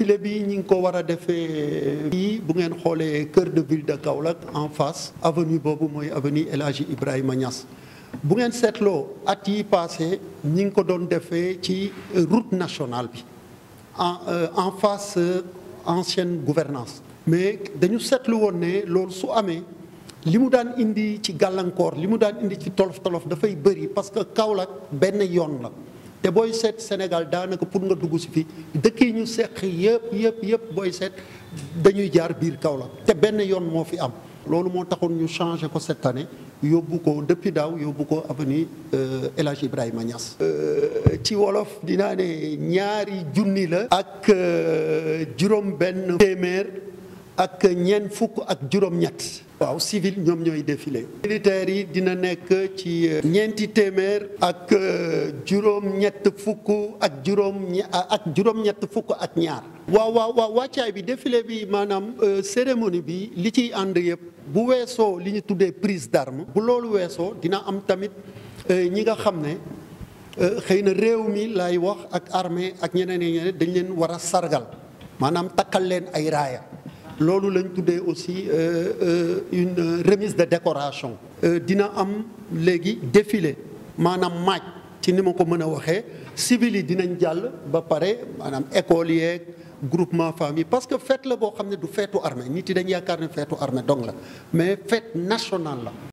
filet bi ñi ngi ko war a defee yi bu ngeen xoolee cœur de ville de Kaolack en face avenue boobu mooy avenue El Hadji Ibrahima Niass bu ngeen seetloo at yi passé ñi ngi ko doon defee ci route nationale bi en euh, en face euh, ancienne gouvernance mais dañu seetlu woon ne loolu su amee li mu daan indi ci gàllankoor li mu daan indi ci tolof tolof dafay bëri parce que Kaolack benn yoon la te booy seet Sénégal daanaka pour nga dugg si fi dëkk yi ñu seq yëpp yëpp yëpp booy seet dañuy jaar biir kaw la te benn yoon moo fi am. loolu moo taxoon ñu changé ko cette année yóbbu ko dëppi daaw yóbbu ko avenue euh, El Hadj Ibrahima Niass. Euh, ci wolof dinaa ne ñaari junni la. ak euh, juróom benn téeméer. ak ñeent fukk ak juróom-ñett. waaw civil ñoom ñooy défilé. militaires yi dina nekk ci euh, ñeenti téeméer ak euh, juróom-ñett fukk ak juróom ak juróom-ñett fukk ak ñaar. waaw waaw waaw wàccaay bi défilé bi maanaam euh, cérémonie bi li ciy ànd yëpp bu weesoo li ñu tuddee prise d'arme. bu loolu weesoo dina am tamit ñi nga xam ne xëy na réew mi lay wax ak armée ak ñeneen ñeneen dañ leen war a sargal maanaam takkal leen ay raaya. lolu lañ tuddé aussi euh, euh, une remise de décoration euh, dina am légui défilé manam maaj ci nima ko mëna waxé civili civil dinañ jall ba paré manam écolier groupement famille parce que fête la bo xamné du fête armée nit yi dañ yaakaar ne fête armée dong la mais fête nationale la